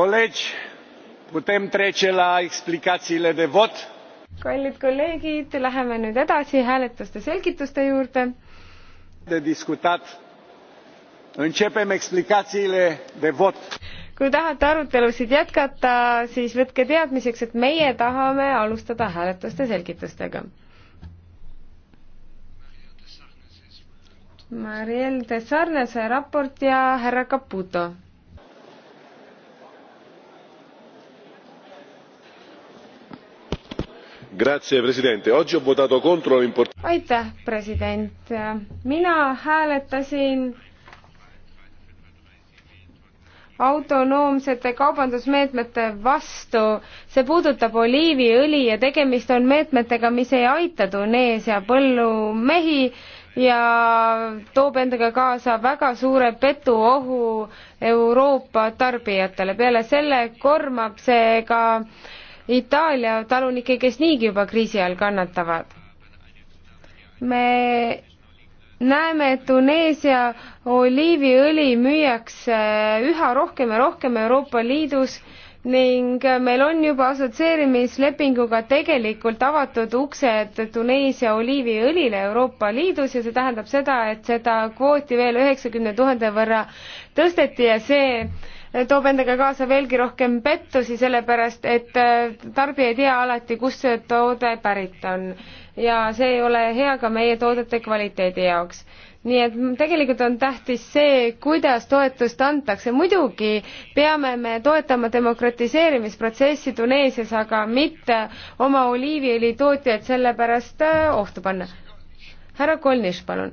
Colegi, putem trece la explicațiile de vot. Kallid kolleegid, läheme nüüd edasi hääletuste selgituste juurde. De discutat. Începem explicațiile de vot. Kui tahate arutelusid jätkata, siis võtke teadmiseks, et meie tahame alustada hääletuste selgitustega. Marielle de Sarnase raport ja härra Caputo oggi ho votato contro aitäh president mina hääletasin autonoomsete kaubandusmeetmete vastu see puudutab oliiviõli ja tegemist on meetmetega mis ei aita tuneesia põllumehi ja toob endaga kaasa väga suure petuohu euroopa tarbijatele peale selle kormab see ka äh, Itaalia talunikke, kes niigi juba kriisi all kannatavad. me näeme, et Tuneesia oliiviõli müüakse üha rohkem ja rohkem Euroopa Liidus ning meil on juba assotsieerimislepinguga tegelikult avatud uksed Tuneesia oliiviõlile Euroopa Liidus ja see tähendab seda, et seda kvooti veel üheksakümne tuhande võrra tõsteti ja see toob endaga kaasa veelgi rohkem pettusi, sellepärast et äh, tarbija ei tea alati, kust see toode pärit on. ja see ei ole hea ka meie toodete kvaliteedi jaoks nii et tegelikult on tähtis see, kuidas toetust antakse. muidugi peame me toetama demokratiseerimisprotsessi Tuneesias, aga mitte oma oliiviõli tootjaid selle pärast äh, ohtu panna. härra Kolnis, palun.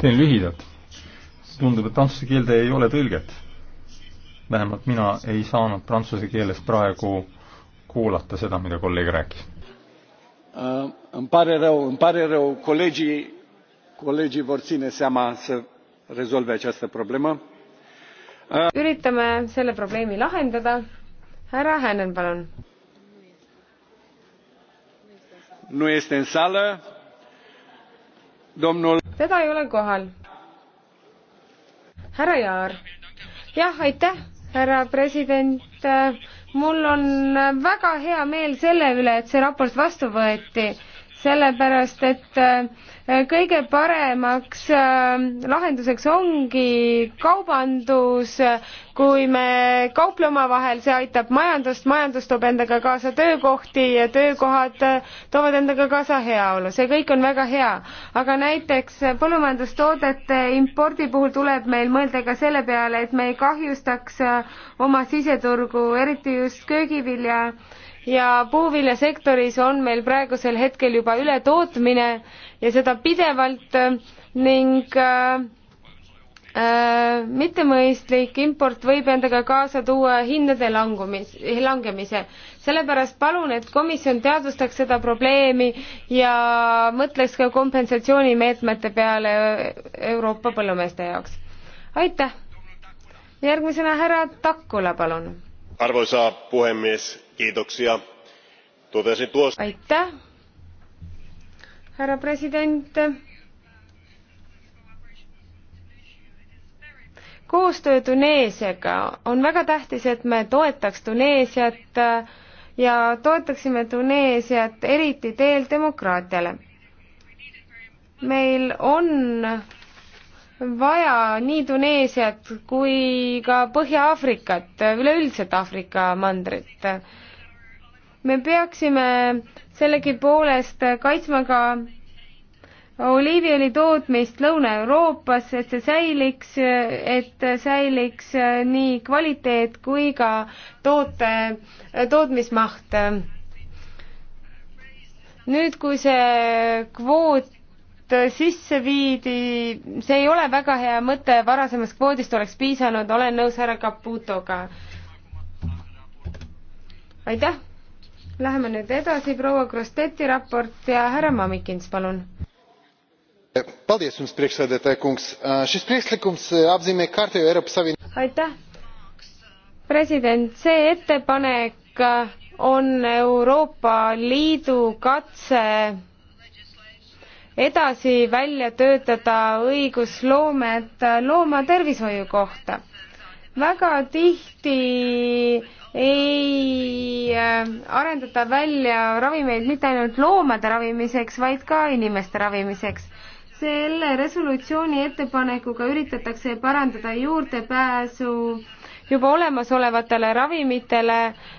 teen lühidalt tundub, et prantsuse keelde ei ole tõlget. vähemalt mina ei saanud prantsuse keeles praegu kuulata seda, mida kolleeg rääkis uh,. Îmi pare rău, îmi pare rău, colegii, colegii vor ține seama să rezolve această problemă. Uh... Üritame selle probleemi lahendada. Härra Hänen, palun. Nu este în sală. Domnul... Teda ei ole kohal härra Jaar. jah, aitäh, härra president. Äh, mul on väga hea meel selle üle, et see raport vastu võeti sellepärast et äh, kõige paremaks äh, lahenduseks ongi kaubandus, kui me kauple omavahel, see aitab majandust, majandus toob endaga kaasa töökohti ja töökohad äh, toovad endaga kaasa heaolu, see kõik on väga hea. aga näiteks põllumajandustoodete impordi puhul tuleb meil mõelda ka selle peale, et me ei kahjustaks oma siseturgu, eriti just köögivilja ja puuviljasektoris on meil praegusel hetkel juba ületootmine ja seda pidevalt äh, ning äh, äh, mittemõistlik import võib endaga kaasa tuua hindade langumis, langemise. sellepärast palun, et komisjon teadvustaks seda probleemi ja mõtleks ka kompensatsioonimeetmete peale Euroopa põllumeeste jaoks. aitäh! järgmisena härra Takula, palun. arvoisa puhemees aitäh härra president! koostöö Tuneesiaga on väga tähtis, et me toetaks Tuneesiat ja toetaksime Tuneesiat eriti teel demokraatiale. meil on vaja nii Tuneesiat kui ka Põhja-Aafrikat, üleüldiselt Aafrika mandrit me peaksime sellegipoolest kaitsma ka oliiviõli tootmist Lõuna-Euroopas, et see säiliks, et säiliks nii kvaliteet kui ka toote, tootmismaht. nüüd, kui see kvoot sisse viidi, see ei ole väga hea mõte, varasemast kvoodist oleks piisanud, olen nõus härra Caputoga. aitäh Läheme nüüd edasi, proua Krosteti raport ja härra Mamikins, palun. aitäh, president, see ettepanek on Euroopa Liidu katse edasi välja töötada õigusloomet loomatervishoiu kohta. väga tihti ei äh, arendata välja ravimeid mitte ainult loomade ravimiseks, vaid ka inimeste ravimiseks. selle resolutsiooni ettepanekuga üritatakse parandada juurdepääsu juba olemasolevatele ravimitele,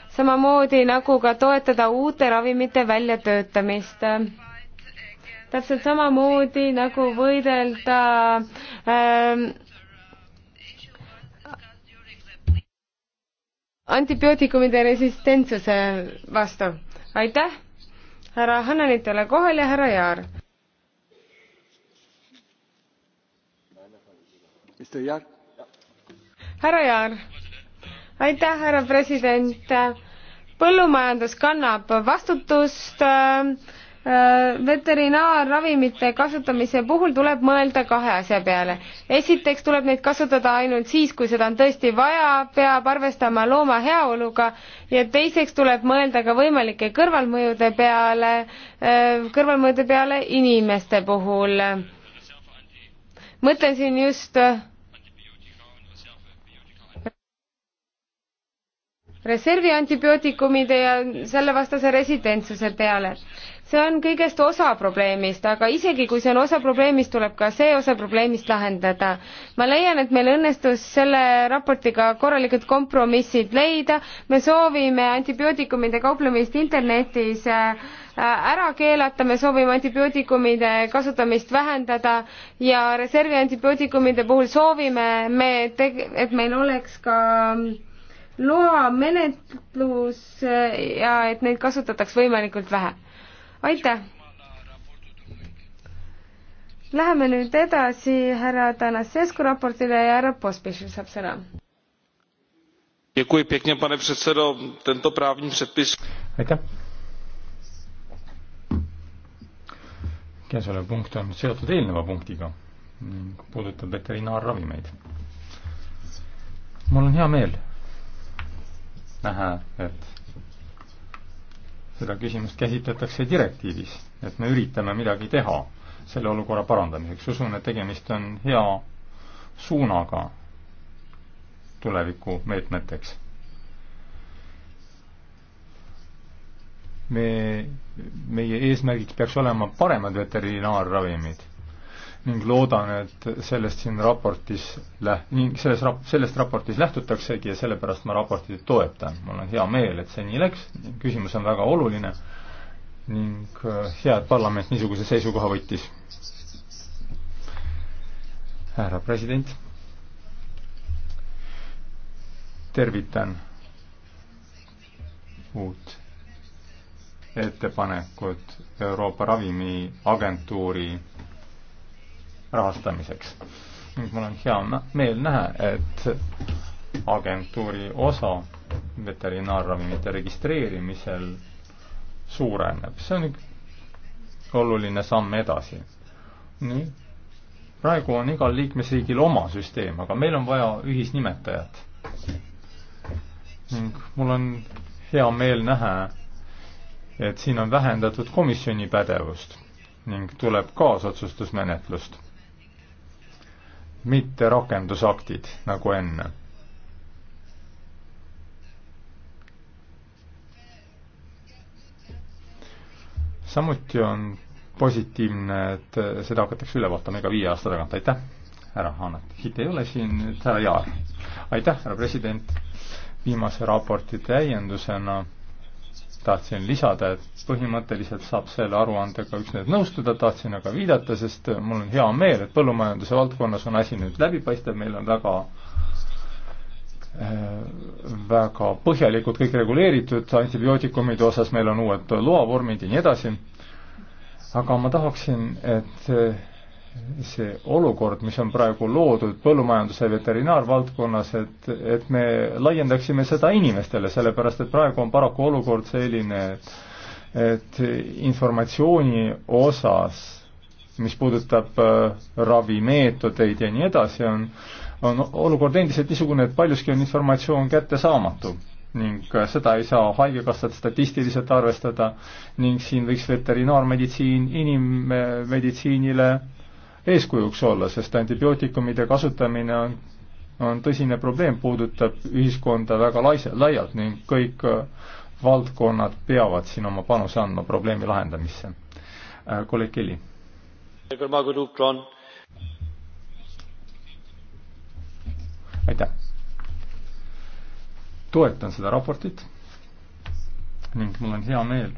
samamoodi nagu ka toetada uute ravimite väljatöötamist. täpselt samamoodi nagu võidelda äh, antibiootikumide resistentsuse vastu. aitäh härra Hannanitele kohal ja härra Jaar. härra Jaar, aitäh, härra president. põllumajandus kannab vastutust äh, Äh, veterinaarravimite kasutamise puhul tuleb mõelda kahe asja peale. esiteks tuleb neid kasutada ainult siis, kui seda on tõesti vaja, peab arvestama looma heaoluga ja teiseks tuleb mõelda ka võimalike kõrvalmõjude peale, äh, kõrvalmõjude peale inimeste puhul. mõtlen siin just äh, reservi antibiootikumide ja sellevastase residentsuse peale. see on kõigest osa probleemist, aga isegi kui see on osa probleemist, tuleb ka see osa probleemist lahendada. ma leian, et meil õnnestus selle raportiga korralikud kompromissid leida, me soovime antibiootikumide kauplemist internetis äh, ära keelata, me soovime antibiootikumide kasutamist vähendada ja reservi antibiootikumide puhul soovime me, et meil oleks ka loamenetlus ja et neid kasutataks võimalikult vähe. aitäh! Läheme nüüd edasi härra Tanasescu raportile ja härra Pospišil saab sõna. aitäh! käesolev punkt on seotud eelneva punktiga ning puudutab veterinaarravimeid. mul on hea meel näha, et seda küsimust käsitletakse direktiivis, et me üritame midagi teha selle olukorra parandamiseks. usun, et tegemist on hea suunaga tuleviku meetmeteks. me, meie eesmärgiks peaks olema paremad veterinaarravimid ning loodan, et sellest siin raportis läht-, ning selles rap-, sellest raportis lähtutaksegi ja sellepärast ma raportit toetan. mul on hea meel, et see nii läks, küsimus on väga oluline ning äh, hea, et parlament niisuguse seisukoha võttis. härra president, tervitan uut ettepanekut Euroopa Ravimiagentuuri rahastamiseks. ning mul on hea meel näha, et agentuuri osa veterinaarravimite registreerimisel suureneb. see on üks oluline samm edasi. nii. praegu on igal liikmesriigil oma süsteem, aga meil on vaja ühisnimetajat. ning mul on hea meel näha, et siin on vähendatud komisjoni pädevust ning tuleb kaasotsustusmenetlust mitte rakendusaktid nagu enne. samuti on positiivne, et seda hakatakse üle vaatama iga viie aasta tagant, aitäh, härra Haanet. siit ei ole siin nüüd härra Jaar. aitäh, härra president, viimase raporti täiendusena tahtsin lisada, et põhimõtteliselt saab selle aruandega üksnes nõustuda, tahtsin aga viidata, sest mul on hea meel, et põllumajanduse valdkonnas on asi nüüd läbipaistev, meil on väga äh, väga põhjalikult kõik reguleeritud, antibiootikumide osas meil on uued loavormid ja nii edasi, aga ma tahaksin, et äh, see olukord, mis on praegu loodud põllumajanduse ja veterinaarvaldkonnas, et, et me laiendaksime seda inimestele, sellepärast et praegu on paraku olukord selline, et et informatsiooni osas, mis puudutab äh, ravimeetodeid ja nii edasi, on, on olukord endiselt niisugune, et paljuski on informatsioon kättesaamatu ning äh, seda ei saa Haigekassat statistiliselt arvestada ning siin võiks veterinaarmeditsiin inimmeditsiinile eeskujuks olla, sest antibiootikumide kasutamine on, on tõsine probleem, puudutab ühiskonda väga laise, laialt ning kõik äh, valdkonnad peavad siin oma panuse andma probleemi lahendamisse. Äh, kolleeg Kelly. aitäh. toetan seda raportit ning mul on hea meel,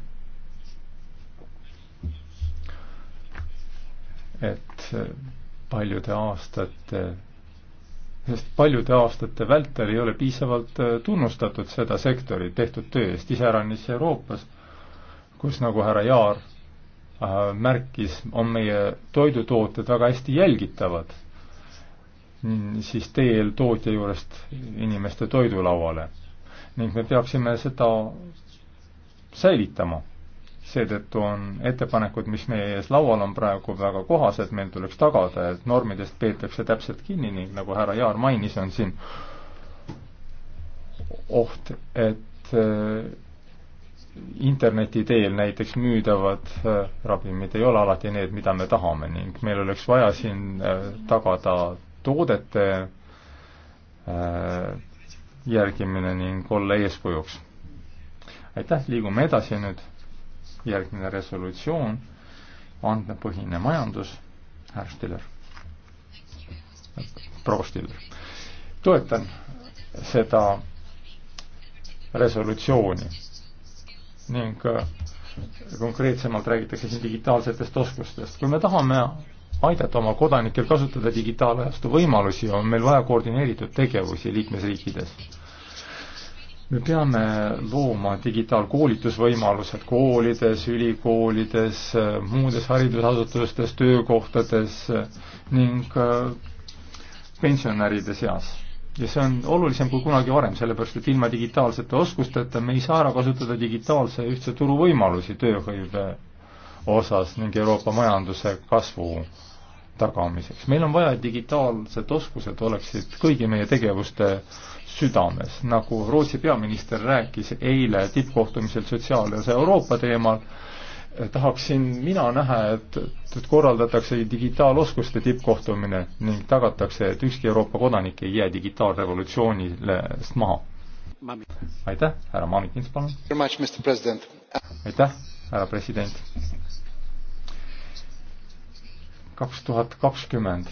et paljude aastate sest paljude aastate vältel ei ole piisavalt äh, tunnustatud seda sektorit tehtud töö eest, iseäranis Euroopas, kus nagu härra Jaar äh, märkis, on meie toidutooted väga hästi jälgitavad, siis teel tootja juurest inimeste toidulauale. ning me peaksime seda säilitama seetõttu on ettepanekud, mis meie ees laual on praegu, väga kohased, meil tuleks tagada, et normidest peetakse täpselt kinni ning nagu härra Jaar mainis, on siin oht, et äh, interneti teel näiteks müüdavad äh, ravimid ei ole alati need, mida me tahame ning meil oleks vaja siin äh, tagada toodete järgimine ning olla eeskujuks. aitäh, liigume edasi nüüd järgmine resolutsioon, andmepõhine majandus, härra Stiller, proua Stiller. toetan seda resolutsiooni ning äh, konkreetsemalt räägitakse siin digitaalsetest oskustest. kui me tahame aidata oma kodanikel kasutada digitaalajastu võimalusi, on meil vaja koordineeritud tegevusi liikmesriikides me peame looma digitaalkoolitusvõimalused koolides, ülikoolides, muudes haridusasutustes, töökohtades ning äh, pensionäride seas. ja see on olulisem kui kunagi varem, sellepärast et ilma digitaalsete oskusteta me ei saa ära kasutada digitaalse ühtse turu võimalusi tööhõive osas ning Euroopa majanduse kasvu tagamiseks. meil on vaja, et digitaalsed oskused oleksid kõigi meie tegevuste südames, nagu Rootsi peaminister rääkis eile tippkohtumisel sotsiaalse Euroopa teemal, tahaksin mina näha, et, et korraldatakse digitaaloskuste tippkohtumine ning tagatakse, et ükski Euroopa kodanik ei jää digitaalrevolutsioonile maha. aitäh, härra Manikins, palun. aitäh, härra president kaks tuhat kakskümmend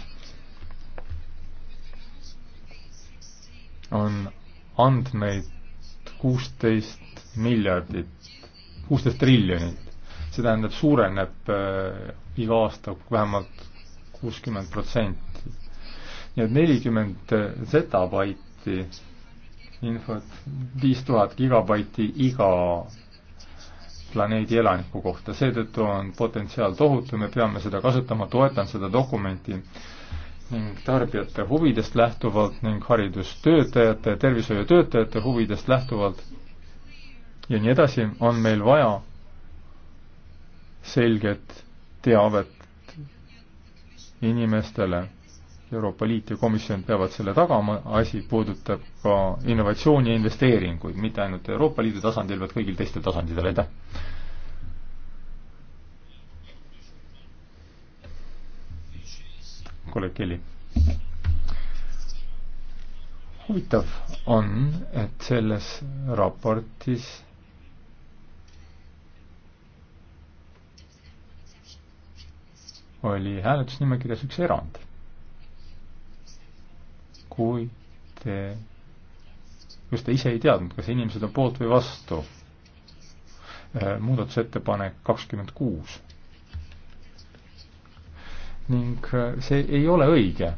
on andmeid kuusteist miljardit, kuusteist triljonit. see tähendab, suureneb äh, iga aasta vähemalt kuuskümmend protsenti. nii et nelikümmend äh, zetabaiti infot, viis tuhat gigabaiti iga planeedi elaniku kohta, seetõttu on potentsiaal tohutu, me peame seda kasutama, toetan seda dokumenti ning tarbijate huvidest lähtuvalt ning haridustöötajate ja tervishoiutöötajate huvidest lähtuvalt ja nii edasi, on meil vaja selget teavet inimestele Euroopa Liit ja komisjon peavad selle tagama, asi puudutab ka innovatsiooni ja investeeringuid, mitte ainult Euroopa Liidu tasandil, vaid kõigil teistel tasanditel, aitäh! kolleeg Kelly. huvitav on, et selles raportis oli hääletusnimekirjas üks erand kuid te just te ise ei teadnud, kas inimesed on poolt või vastu. Äh, muudatusettepanek kakskümmend kuus. ning äh, see ei ole õige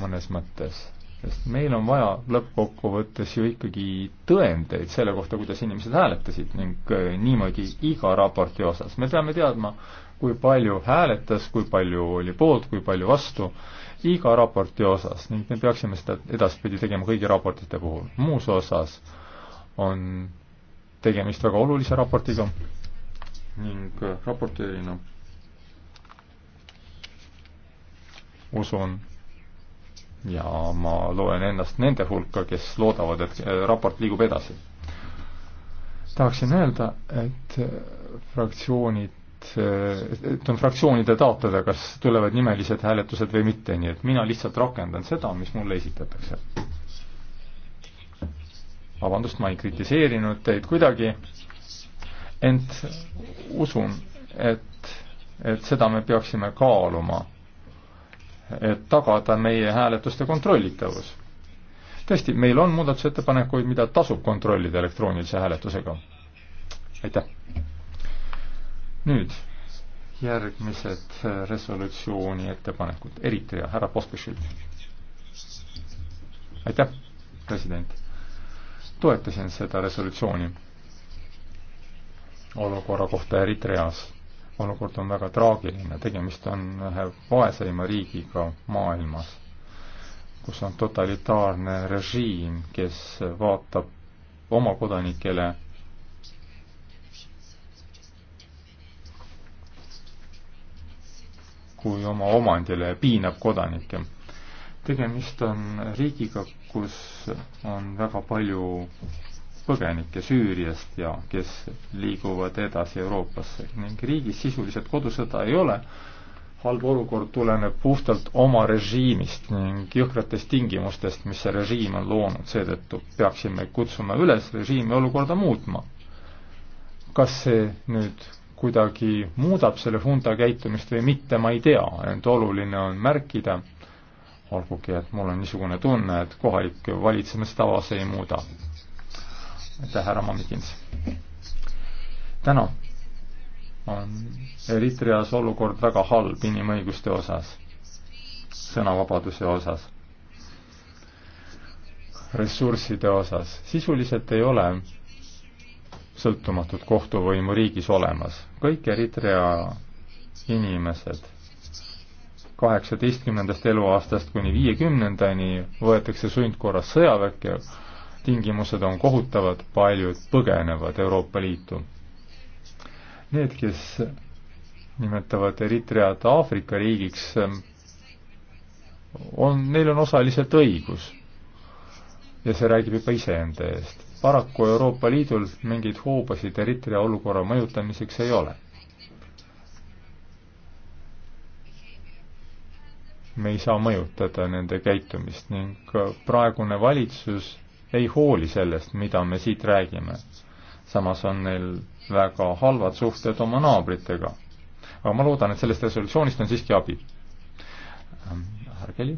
mõnes mõttes, sest meil on vaja lõppkokkuvõttes ju ikkagi tõendeid selle kohta, kuidas inimesed hääletasid ning äh, niimoodi iga raporti osas. me peame teadma, kui palju hääletas, kui palju oli poolt, kui palju vastu iga raporti osas ning me peaksime seda edaspidi tegema kõigi raportite puhul. muus osas on tegemist väga olulise raportiga ning äh, raportöörina usun ja ma loen ennast nende hulka, kes loodavad, et äh, raport liigub edasi tahaksin öelda, et äh, fraktsioonid et on fraktsioonide taotleda, kas tulevad nimelised hääletused või mitte, nii et mina lihtsalt rakendan seda, mis mulle esitatakse. vabandust, ma ei kritiseerinud teid kuidagi, ent usun, et, et seda me peaksime kaaluma, et tagada meie hääletuste kontrollitavus. tõesti, meil on muudatusettepanekuid, mida tasub kontrollida elektroonilise hääletusega. aitäh! nüüd järgmised äh, resolutsiooni ettepanekud, Eritrea, äh, härra Pospišilt. aitäh, president. toetasin seda resolutsiooni olukorra kohta Eritreas. olukord on väga traagiline, tegemist on ühe vaeseima riigiga maailmas, kus on totalitaarne režiim, kes vaatab oma kodanikele kui oma omandile ja piinab kodanikke. tegemist on riigiga, kus on väga palju põgenikke Süüriast ja kes liiguvad edasi Euroopasse ning riigis sisuliselt kodusõda ei ole, halb olukord tuleneb puhtalt oma režiimist ning jõhkratest tingimustest, mis see režiim on loonud, seetõttu peaksime kutsuma üles režiimi olukorda muutma. kas see nüüd kuidagi muudab selle funda käitumist või mitte, ma ei tea, ent oluline on märkida, olgugi et mul on niisugune tunne, et kohalik valitsemistava see ei muuda. aitäh, härra Mamikins! täna on Eritreas olukord väga halb inimõiguste osas, sõnavabaduse osas, ressursside osas, sisuliselt ei ole sõltumatut kohtuvõimu riigis olemas. kõik Eritrea inimesed kaheksateistkümnendast eluaastast kuni viiekümnendani võetakse sundkorras sõjaväkke, tingimused on kohutavad, paljud põgenevad Euroopa Liitu. Need, kes nimetavad Eritreat Aafrika riigiks, on, neil on osaliselt õigus. ja see räägib juba iseenda eest paraku Euroopa Liidul mingeid hoobasid Eritrea olukorra mõjutamiseks ei ole. me ei saa mõjutada nende käitumist ning praegune valitsus ei hooli sellest, mida me siit räägime. samas on neil väga halvad suhted oma naabritega. aga ma loodan, et sellest resolutsioonist on siiski abi. härra Kelly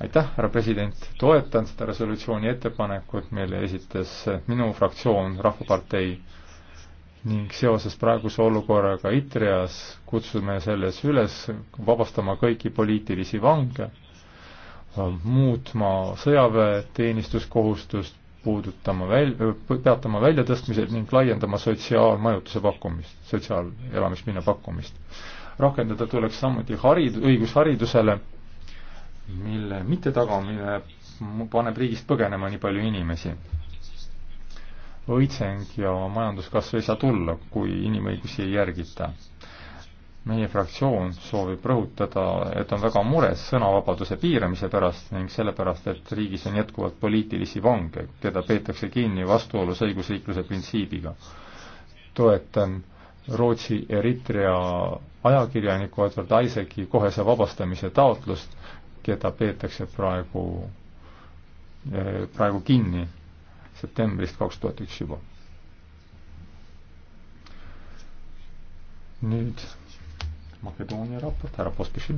aitäh, härra president, toetan seda resolutsiooni ettepanekut, mille esitas minu fraktsioon, Rahvapartei, ning seoses praeguse olukorraga Itrias kutsume selles üles vabastama kõiki poliitilisi vange, muutma sõjaväeteenistuskohustust, puudutama väl-, peatama väljatõstmised ning laiendama sotsiaalmajutuse pakkumist, sotsiaalelamispinna pakkumist. rakendada tuleks samuti harid-, õigus haridusele mille mittetagamine paneb riigist põgenema nii palju inimesi. õitseng ja majanduskasv ei saa tulla, kui inimõigusi ei järgita. meie fraktsioon soovib rõhutada, et on väga mures sõnavabaduse piiramise pärast ning sellepärast, et riigis on jätkuvalt poliitilisi vange, keda peetakse kinni vastuolus õigusriikluse printsiibiga. toetan Rootsi Eritrea ajakirjaniku Edward Isaaci kohese vabastamise taotlust keda peetakse praegu, eh, praegu kinni septembrist kaks tuhat üks juba. nüüd Makedoonia raport, härra Pospišil.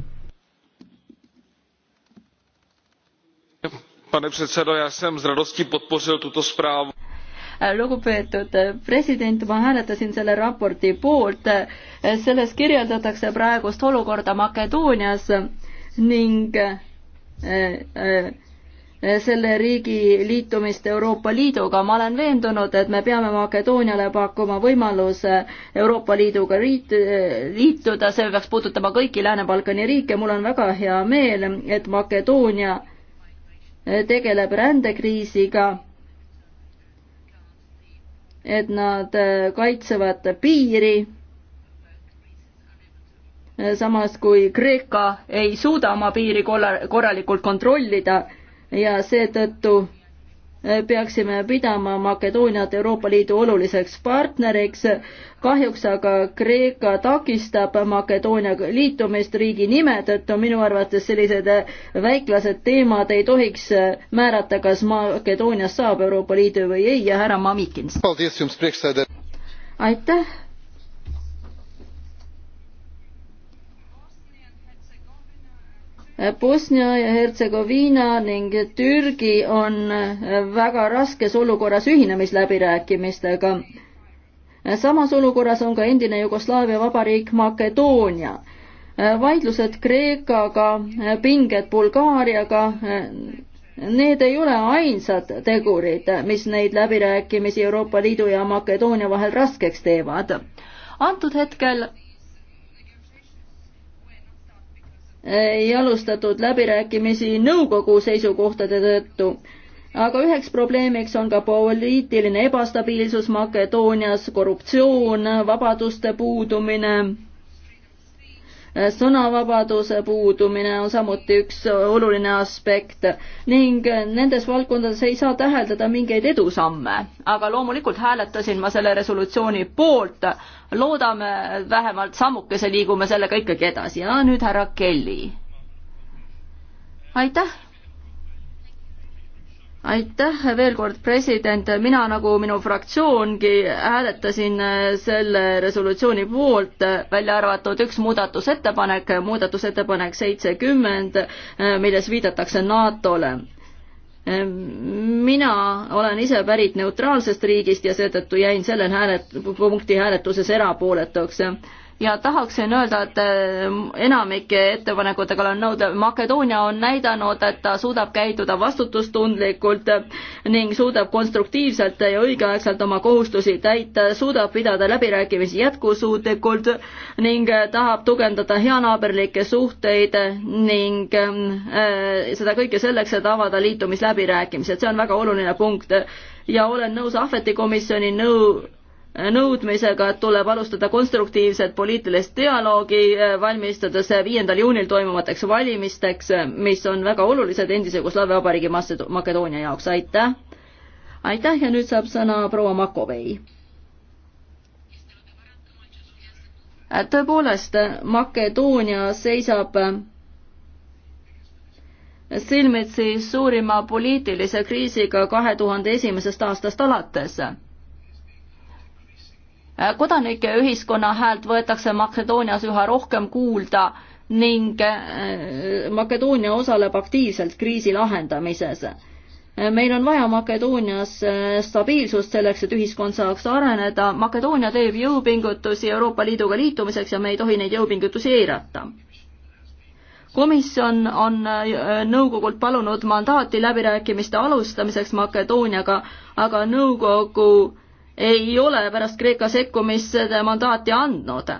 pane předsedo, já jsem s radostí podpořil tuto zprávu. lugupeetud president, ma hääletasin selle raporti poolt. selles kirjeldatakse praegust olukorda Makedoonias ning eh, eh, eh, selle riigi liitumist Euroopa Liiduga. ma olen veendunud, et me peame Makedooniale pakkuma võimaluse Euroopa Liiduga liit-, liituda, see peaks puudutama kõiki Lääne-Balkani riike, mul on väga hea meel, et Makedoonia tegeleb rändekriisiga, et nad kaitsevad piiri Eh, samas kui Kreeka ei suuda oma piiri korralikult kontrollida ja seetõttu eh, peaksime pidama Makedooniat Euroopa Liidu oluliseks partneriks. kahjuks aga Kreeka takistab Makedoonia liitumist riigi nime tõttu. minu arvates sellised eh, väiklased teemad ei tohiks määrata, kas Makedooniast saab Euroopa Liidu või ei ja härra Mamikins. aitäh Bosnia ja Hertsegoviina ning Türgi on väga raskes olukorras ühinemisläbirääkimistega. samas olukorras on ka endine Jugoslaavia vabariik Makedoonia. vaidlused Kreekaga, pinged Bulgaariaga, need ei ole ainsad tegurid, mis neid läbirääkimisi Euroopa Liidu ja Makedoonia vahel raskeks teevad. antud hetkel ei alustatud läbirääkimisi nõukogu seisukohtade tõttu. aga üheks probleemiks on ka poliitiline ebastabiilsus Makedoonias, korruptsioon, vabaduste puudumine sõnavabaduse puudumine on samuti üks oluline aspekt ning nendes valdkondades ei saa täheldada mingeid edusamme. aga loomulikult hääletasin ma selle resolutsiooni poolt, loodame vähemalt sammukese liigume sellega ikkagi edasi ja nüüd härra Kelly. aitäh aitäh veel kord, president, mina nagu minu fraktsioongi hääletasin selle resolutsiooni poolt, välja arvatud üks muudatusettepanek, muudatusettepanek seitsekümmend, milles viidatakse NATO-le. mina olen ise pärit neutraalsest riigist ja seetõttu jäin sellel häälet-, punkti hääletuses erapooletuks ja tahaksin öelda, et eh, enamike ettepanekutega olen nõud, Makedoonia on näidanud, et ta suudab käituda vastutustundlikult ning suudab konstruktiivselt ja õigeaegselt oma kohustusi täita, suudab pidada läbirääkimisi jätkusuutlikult ning tahab tugevdada heanaaberlikke suhteid ning äh, seda kõike selleks, et avada liitumisläbirääkimised, see on väga oluline punkt ja olen nõus Ahveti komisjoni nõu nõudmisega, et tuleb alustada konstruktiivset poliitilist dialoogi, eh, valmistudes viiendal juunil toimuvateks valimisteks, mis on väga olulised endise Jugoslaavia Vabariigi Makedoonia jaoks, aitäh! aitäh ja nüüd saab sõna proua Makovei. Äh, tõepoolest, Makedoonia seisab äh, silmitsi suurima poliitilise kriisiga kahe tuhande esimesest aastast alates Äh, kodanike ühiskonna häält võetakse Makedoonias üha rohkem kuulda ning äh, Makedoonia osaleb aktiivselt kriisi lahendamises. Äh, meil on vaja Makedoonias stabiilsust selleks, et ühiskond saaks areneda. Makedoonia teeb jõupingutusi Euroopa Liiduga liitumiseks ja me ei tohi neid jõupingutusi eirata komisjon on nõukogult palunud mandaati läbirääkimiste alustamiseks Makedooniaga, aga nõukogu ei ole pärast Kreeka sekkumist seda mandaati andnud.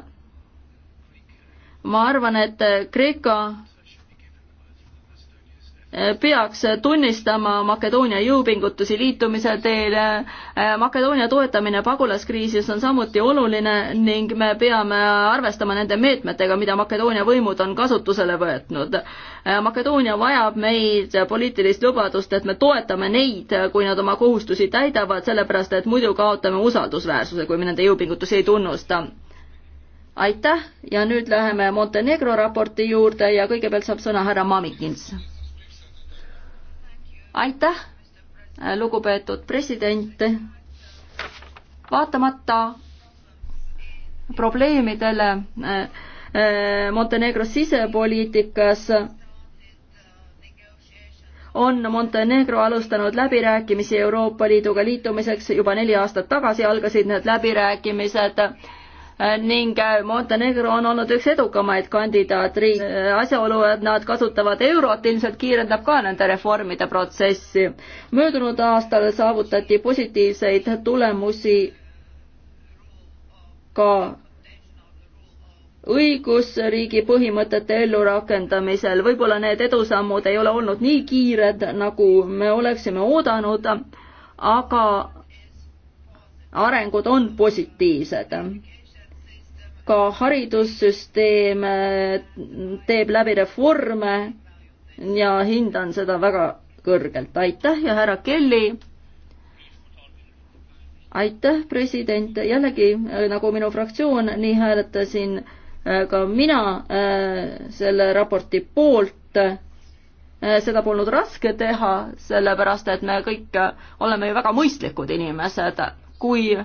ma arvan, et Kreeka peaks tunnistama Makedoonia jõupingutusi liitumise teel. Makedoonia toetamine pagulaskriisis on samuti oluline ning me peame arvestama nende meetmetega, mida Makedoonia võimud on kasutusele võtnud. Makedoonia vajab meid poliitilist lubadust, et me toetame neid, kui nad oma kohustusi täidavad, sellepärast et muidu kaotame usaldusväärsuse, kui me nende jõupingutusi ei tunnusta aitäh ja nüüd läheme Montenegro raporti juurde ja kõigepealt saab sõna härra Mamikins aitäh, lugupeetud president. vaatamata probleemidele äh, äh, Montenegro sisepoliitikas on Montenegro alustanud läbirääkimisi Euroopa Liiduga liitumiseks juba neli aastat tagasi algasid need läbirääkimised Äh, ning äh, Montenegro on olnud üks edukamaid kandidaatriik. Äh, asjaolu, et nad kasutavad eurot, ilmselt kiirendab ka nende reformide protsessi. möödunud aastal saavutati positiivseid tulemusi ka õigusriigi põhimõtete ellurakendamisel. võib-olla need edusammud ei ole olnud nii kiired, nagu me oleksime oodanud, aga arengud on positiivsed ka haridussüsteem äh, teeb läbi reforme ja hindan seda väga kõrgelt. aitäh ja härra Kelly! aitäh, president, jällegi äh, nagu minu fraktsioon, nii hääletasin äh, ka mina selle raporti poolt. seda polnud raske teha, sellepärast et me kõik oleme ju väga mõistlikud inimesed. kui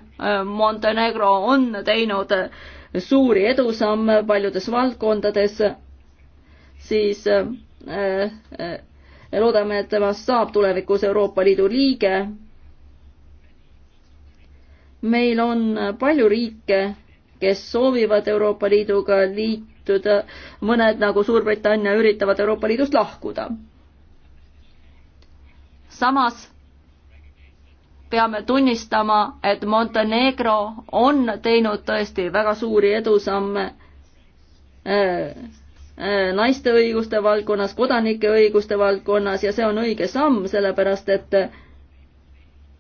Montenegro on teinud suuri edusamme paljudes valdkondades, siis äh, äh, loodame, et temast saab tulevikus Euroopa Liidu liige. meil on palju riike, kes soovivad Euroopa Liiduga liituda, mõned nagu Suurbritannia üritavad Euroopa Liidust lahkuda. samas peame tunnistama, et Montenegro on teinud tõesti väga suuri edusamme äh, äh, naiste õiguste valdkonnas, kodanike õiguste valdkonnas ja see on õige samm, sellepärast et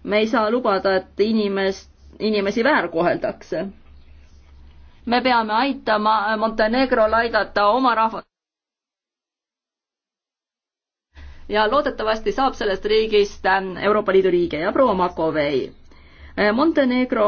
me ei saa lubada, et inimest, inimesi väärkoheldakse. me peame aitama Montenegrol aidata oma rahva ja loodetavasti saab sellest riigist ähm, Euroopa Liidu liige ja proua Makovei. Äh, Montenegro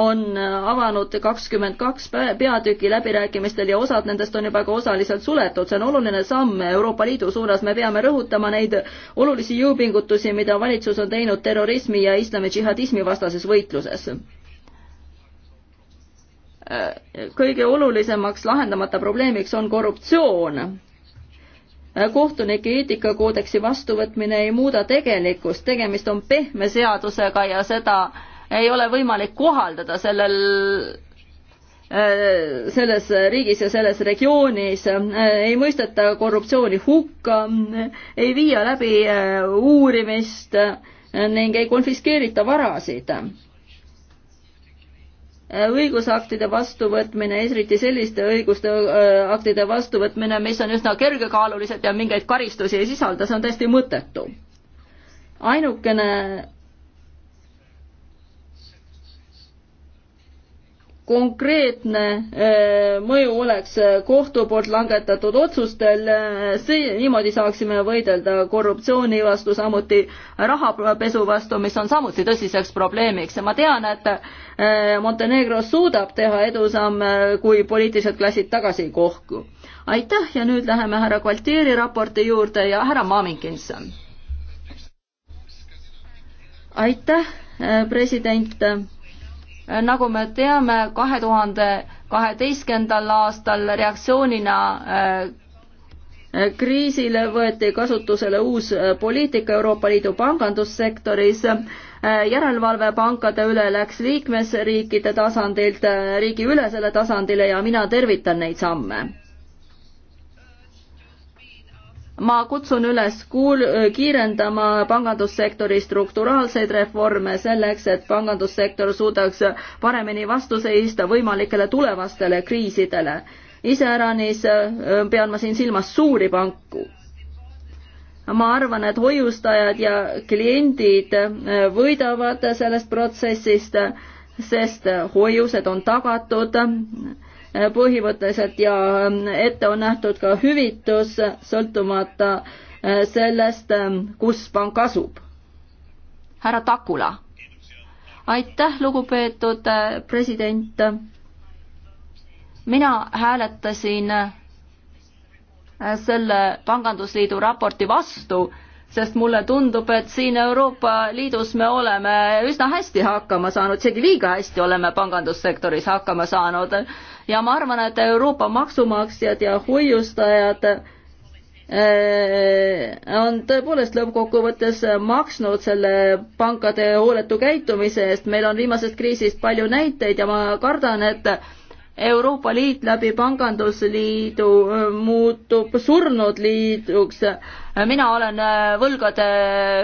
on äh, avanud kakskümmend kaks peatüki läbirääkimistel ja osad nendest on juba ka osaliselt suletud. see on oluline samm Euroopa Liidu suunas, me peame rõhutama neid olulisi jõupingutusi, mida valitsus on teinud terrorismi ja islami džihadismi vastases võitluses. Äh, kõige olulisemaks lahendamata probleemiks on korruptsioon Äh, kohtunike eetikakoodeksi vastuvõtmine ei muuda tegelikkust, tegemist on pehme seadusega ja seda ei ole võimalik kohaldada sellel äh, selles riigis ja selles regioonis äh, ei mõisteta korruptsiooni hukka, ei viia läbi uurimist ning ei konfiskeerita varasid Äh, õigusaktide vastuvõtmine, eriti selliste õiguste äh, aktide vastuvõtmine, mis on üsna kergekaalulised ja mingeid karistusi ei sisalda, see on täiesti mõttetu. ainukene konkreetne eh, mõju oleks eh, kohtu poolt langetatud otsustel, eh, see, niimoodi saaksime võidelda korruptsiooni vastu, samuti rahapesu vastu, mis on samuti tõsiseks probleemiks ja ma tean, et Montenegro suudab teha edusamme, kui poliitilised klassid tagasi ei kohku. aitäh ja nüüd läheme härra Gualtieri raporti juurde ja härra Maaminkins. aitäh, president nagu me teame, kahe tuhande kaheteistkümnendal aastal reaktsioonina äh, äh, kriisile võeti kasutusele uus äh, poliitika Euroopa Liidu pangandussektoris, järelevalve pankade üle läks liikmesriikide tasandilt riigiülesele tasandile ja mina tervitan neid samme ma kutsun üles kuul-, kiirendama pangandussektori strukturaalseid reforme selleks, et pangandussektor suudaks paremini vastu seista võimalikele tulevastele kriisidele. iseäranis pean ma siin silmas suuri panku ma arvan, et hoiustajad ja kliendid võidavad sellest protsessist, sest hoiused on tagatud põhimõtteliselt ja ähm, ette on nähtud ka hüvitus sõltumata äh, sellest, ähm, kus pank asub. härra Takula. aitäh, lugupeetud äh, president. mina hääletasin äh, selle Pangandusliidu raporti vastu, sest mulle tundub, et siin Euroopa Liidus me oleme üsna hästi hakkama saanud, isegi liiga hästi oleme pangandussektoris hakkama saanud ja ma arvan, et Euroopa maksumaksjad ja hoiustajad eh, on tõepoolest lõppkokkuvõttes maksnud selle pankade hooletu käitumise eest, meil on viimasest kriisist palju näiteid ja ma kardan, et Euroopa Liit läbi pangandusliidu äh, muutub surnud liiduks. mina olen äh, võlgade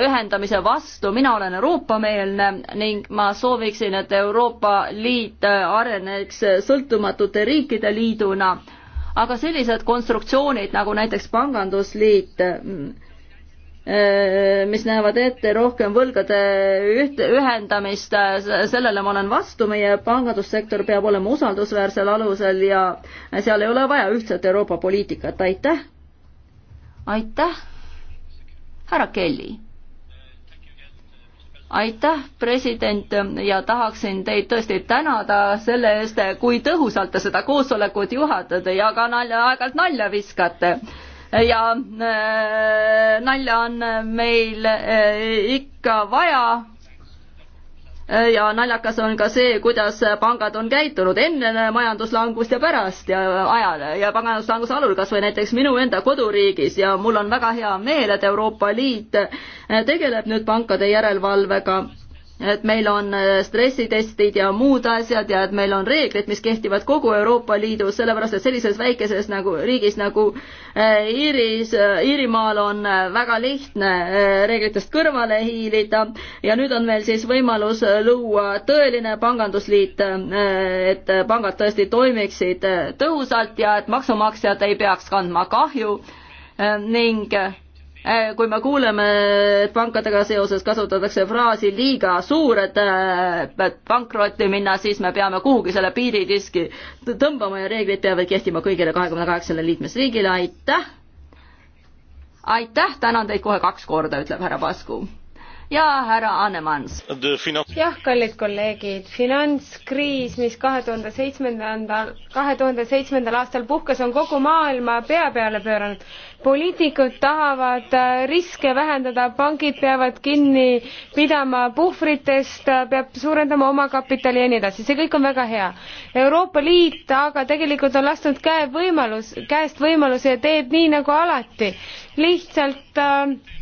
ühendamise vastu, mina olen Euroopa-meelne ning ma sooviksin, et Euroopa Liit äh, areneks sõltumatute riikide liiduna. aga sellised konstruktsioonid nagu näiteks pangandusliit mm, Äh, mis näevad ette rohkem võlgade üht-, ühendamist, sellele ma olen vastu, meie pangandussektor peab olema usaldusväärsel alusel ja seal ei ole vaja ühtset Euroopa poliitikat, aitäh! aitäh, härra Kelly! aitäh, president, ja tahaksin teid tõesti tänada selle eest, kui tõhusalt te seda koosolekut juhatate ja ka nalja, aeg-ajalt nalja viskate ja äh, nalja on meil äh, ikka vaja äh, ja naljakas on ka see, kuidas pangad on käitunud enne majanduslangust ja pärast ja ajal ja majanduslanguse alul, kas või näiteks minu enda koduriigis ja mul on väga hea meel, et Euroopa Liit tegeleb nüüd pankade järelevalvega et meil on äh, stressitestid ja muud asjad ja et meil on reeglid, mis kehtivad kogu Euroopa Liidus, sellepärast et sellises väikeses nagu riigis nagu äh, Iiris, äh, Iirimaal on väga lihtne reeglitest kõrvale hiilida ja nüüd on meil siis võimalus luua tõeline pangandusliit, et pangad tõesti toimiksid tõhusalt ja et maksumaksjad ei peaks kandma kahju ning Äh, kui me kuuleme, et pankadega seoses kasutatakse fraasi liiga suur, et äh, pankrotti minna, siis me peame kuhugi selle piiridiski tõmbama ja reeglid peavad kehtima kõigile kahekümne kaheksale liikmesriigile, aitäh! aitäh, tänan teid kohe kaks korda, ütleb härra Pasku ja härra Annemans. jah, kallid kolleegid, finantskriis, mis kahe tuhande seitsmendal, kahe tuhande seitsmendal aastal puhkes, on kogu maailma pea peale pööranud. poliitikud tahavad äh, riske vähendada, pangid peavad kinni pidama puhvritest, äh, peab suurendama omakapitali ja nii edasi, see kõik on väga hea. Euroopa Liit aga tegelikult on lasknud käe võimalus, käest võimaluse ja teeb nii nagu alati. lihtsalt äh,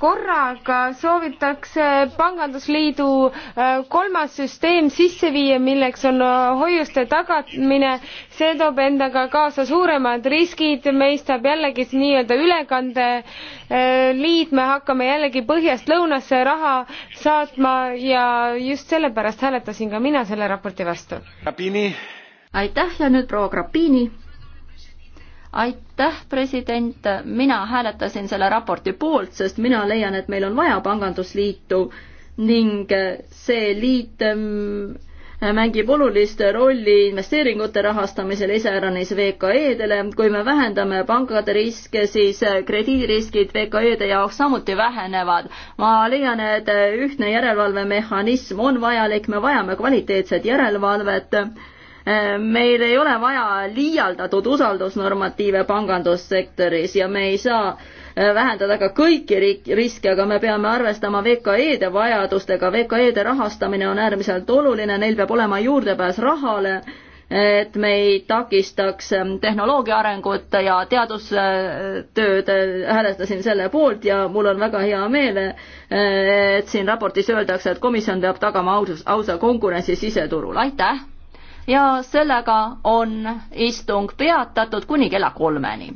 korraga soovitakse pangandusliidu äh, kolmas süsteem sisse viia, milleks on äh, hoiuste tagamine. see toob endaga kaasa suuremad riskid, meist saab jällegi nii-öelda ülekandeliit, äh, me hakkame jällegi põhjast lõunasse raha saatma ja just sellepärast hääletasin ka mina selle raporti vastu. aitäh ja nüüd proua Grappini aitäh, president, mina hääletasin selle raporti poolt, sest mina leian, et meil on vaja pangandusliitu ning see liit mm, mängib olulist rolli investeeringute rahastamisel iseäranis VKE-dele. kui me vähendame pankade riske, siis krediidiriskid VKE-de jaoks samuti vähenevad. ma leian, et ühtne järelevalvemehhanism on vajalik, me vajame kvaliteetset järelevalvet Äh, meil ei ole vaja liialdatud usaldusnormatiive pangandussektoris ja me ei saa äh, vähendada ka kõiki riske, aga me peame arvestama VKE-de vajadustega, VKE-de rahastamine on äärmiselt oluline, neil peab olema juurdepääs rahale, et me ei takistaks ähm, tehnoloogia arengut ja teadustööd, äh, hääletasin selle poolt ja mul on väga hea meel, et siin raportis öeldakse, et komisjon peab tagama ausas, ausa konkurentsi siseturul, aitäh! ja sellega on istung peatatud kuni kella kolmeni